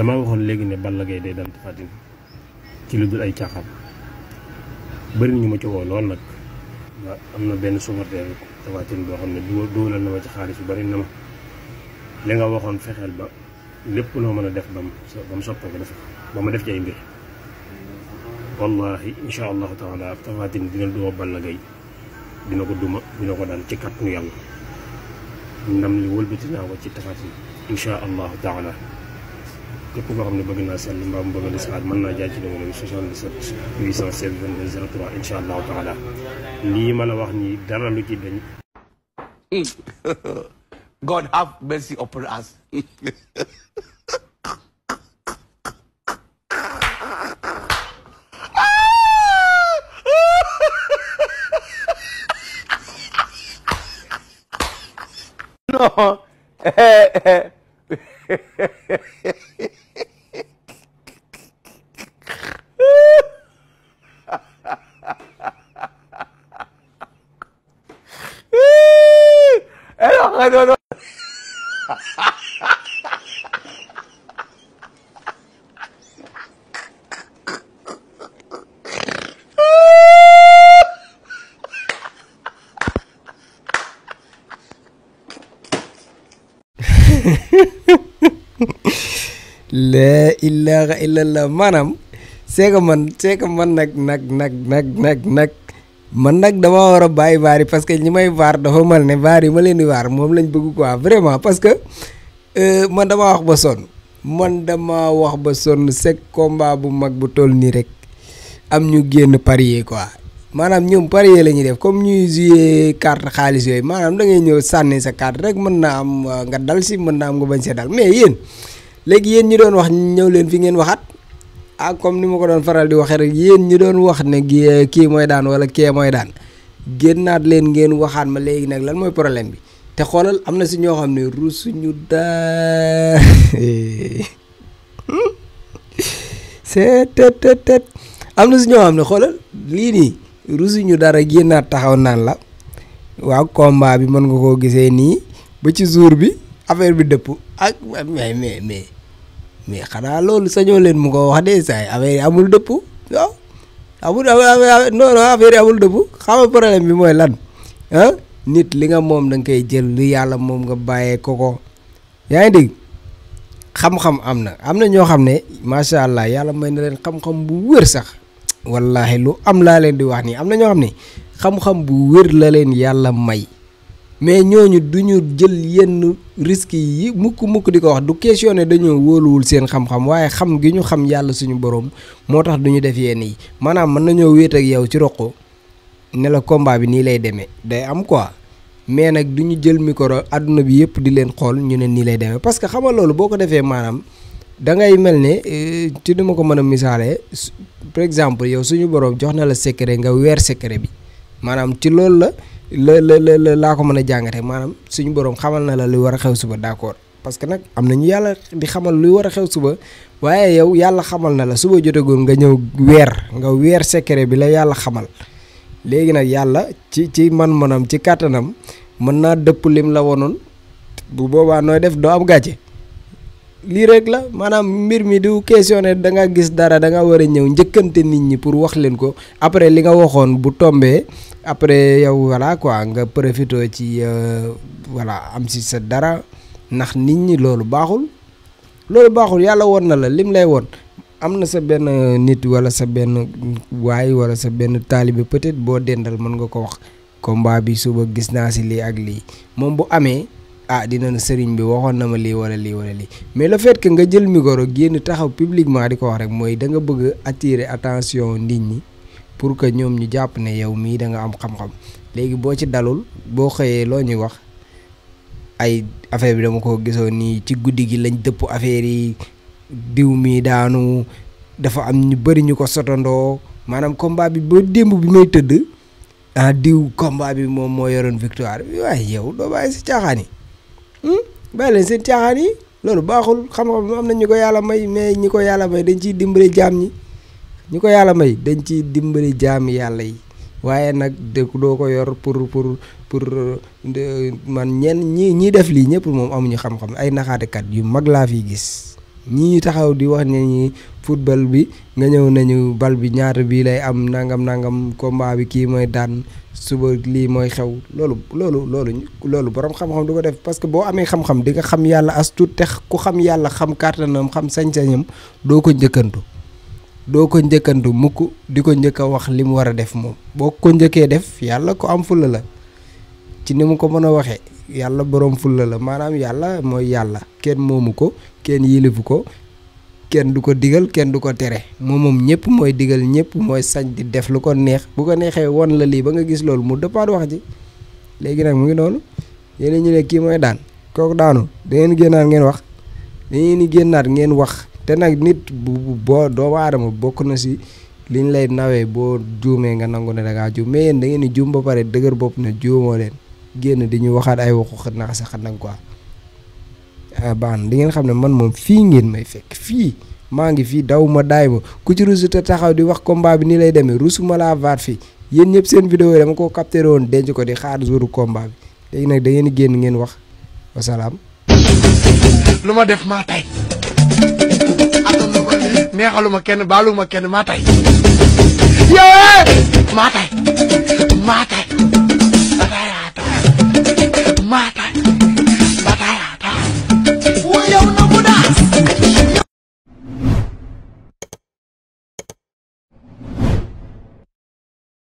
damaa waxoon léegi ne Balla Gaye day daan Tapha ci lu dul ay caaxaan bëri na ñu ma ci lool nag waaw am na benn supporter Tapha Tine boo xam ne dugalal na ma ci xaalis yu bari na ma li nga waxoon fexeel ba lépp loo mën a def ba mu ba soppee ko def ba ma def ci ay mbir wallahi insha allahu taala Tapha Tine dina duma Balla Gaye dina ko duma dina ko daan ci kàttanu yàlla ndam li wëlbati naa ko ci Tapha Tine insha allahu taala God have mercy upon us. no. I don't know. laa ilaha illallah maanaam c'est que man c'est man nag nag nag nag nag nag man nag dama war a bàyyi vaar yi parce que ñi may vaar dafa mal ne baar yi ma leen di moom lañ bëgg quoi vraiment parce que euh, man dama wax ba sonn man dama wax ba sonn c'est combat bu mag bu toll nii rek am ñu génn parier quoi manam ñoom parier la ñuy def comme ñuy jouer carte xaalis yooyu maanaam da ngay ñëw sànni sa carte rek mën naa am eh, nga dal si mën naa am nga bañ see dal mais yéen léegi yéen ñi doon wax ñëw leen fi ngeen waxat ah comme ni ma ko doon faral di waxee rek yéen ñi doon wax ne eh, kii mooy daan wala kee mooy daan génnaat leen ngeen waxaat ma léegi nag lan mooy problème bi te xoolal am na si ñoo xam ne rusuñu daa seet tet tet am na si ñoo xam ne xoolal lii nii rusuñu dara génnaat taxaw naan la waaw combat bi mën nga koo gisee nii ba ci jour bi affaire bi dëpp ak ah, mais mais mais mais xanaa loolu sañoo leen mu ko wax de saa yi yi amul dëpp waaw amul non non xam nga problème bi mooy lan ah nit li nga moom da nga koy jël lu yàlla moom nga bàyyee ko ko yaa ngi dégg xam-xam am na am na ñoo xam ne macha allah yàlla may na leen xam-xam bu wér sax. wallahi lu am laa leen di wax nii am na ñoo xam ne xam-xam bu wér la leen yàlla may mais ñooñu duñu jël yenn risques yi mukk mukk di ko wax du questionné dañoo wóoluwul seen xam-xam waaye xam ngi ñu xam yàlla suñu borom moo tax du ñu def yenn yi maanaam mën nañoo wéet ak yow ci roq ne la combat bi nii lay demee day am quoi mais nag duñu jël micro àdduna bi yëpp di leen xool ñu ne nii lay demee parce que xamal loolu boo ko defee maanaam da ngay mel ne euh, ci duma ko mën a misaalee par exemple yow suñu borom jox na la secret nga weer secret bi maanaam ci lool la la la la laa ko mën a jàngatee maanaam suñu boroom xamal na la lu war a xew suba d'accord parce que nag am nañu yàlla di xamal luy war a xew suba waaye yow yàlla xamal na la suba jotegoon nga ñëw weer nga weer secret bi la yàlla xamal léegi nag yàlla ci ci man-manam ci kàttanam mën naa dëpp lim la wonoon bu boobaa nooy def doo am gàcce. li rek la manam mbir mi du questioner da nga gis dara da nga wara ñew ñeukante nit ñi pour wax leen ko après li nga waxone bu tombee après yow voilà quoi nga profito ci euh, voilà am ci sa dara nax nit ñi lolu baxul lolu baxul yalla won na la lim lay won amna sa ben nit wala sa ben way wala sa ben taalibe peut-être bo dendal mën nga ko wax combat bi suba gis na ci li ak li mom bu amé ah dina na sëriñ bi waxoon na ma lii wala lii wala lii mais la fait nga jël micro génn taxaw publiquement di ko wax rek mooy da nga bëgg attirer attention nit ñi pour que ñoom ñu jàpp ne yow mii da nga am xam léegi boo ci dalul boo xëyee loo ñuy wax ay affaire bi dama ko gisoon nii ci guddi gi lañ dëpp affaire yi diw mi daanu dafa am ñu bëri ñu ko sotondoo maanaam combat bi ba démb bi may tëdd ah diw combat bi moom moo yoroon victoire bi waaye yow doo bàyyi si caaxaan yi Hmm? bàyyi leen seen caaxaan yi loolu baaxul xam-xam am na ñu ko yàlla may mais ñi ko yàlla may dañ ciy dimbali jaam ñi ñi ko yàlla may dañ ciy dimbali jaam yàlla yi waaye nag dëkk doo ko yor pour pour pour man ñenn ñii ñi def lii ñëpp moom amuñu xam-xam ay naxaatekat yu mag laa fi gis ñii taxaw di wax ne football bi nga ñëw nañu bal bi ñaata bii lay am nangam nangam combat bi kii mooy daan suba lii mooy xew loolu loolu loolu loolu borom xam-xam du ko def parce que boo amee xam-xam di nga xam yàlla as tuut te ku xam yàlla xam kàttanam xam sañ-sañam doo ko njëkkantu doo ko njëkkantu mukk di ko njëkk a wax li mu war a def moom boo ko njëkkee def yàlla ko am fulla la ci ni mu ko mën a waxee yàlla borom fulla la maanaam yàlla mooy yàlla kenn moomu ko kenn yilifu ko kenn du ko digal kenn du ko tere moom moom ñëpp mooy digal ñëpp mooy sañ di def lu ko neex bu ko neexee won la lii ba nga gis loolu mu dëppaat wax ji léegi nag mu ngi noonu yéen ñu ne kii mooy daan kook daanu da ngeen génnaat ngeen wax da ngeen génnaat ngeen wax te nag nit bu boo doomu aadama bokk na si liñ lay nawee boo juumee nga nangu ne da ngaa juum mais yéen da ngeen di juum ba pare dëgër bopp ne juumoo leen génn di ñu waxaat ay waxu xët naxa sa xat nag quoi baax na di ngeen xam ne man moom fii ngeen may fekk fii maa ngi fii daw ma daay ba ku ci rusu te taxaw di wax combat bi nii lay demee rusu ma laa vaat fii yéen ñëpp seen vidéo yi dama koo capté woon denc ko di xaar jouru combat bi léegi nag da génn ngeen wax wasalaam. lu ma def maa tay neexaluma kenn baaluma kenn maa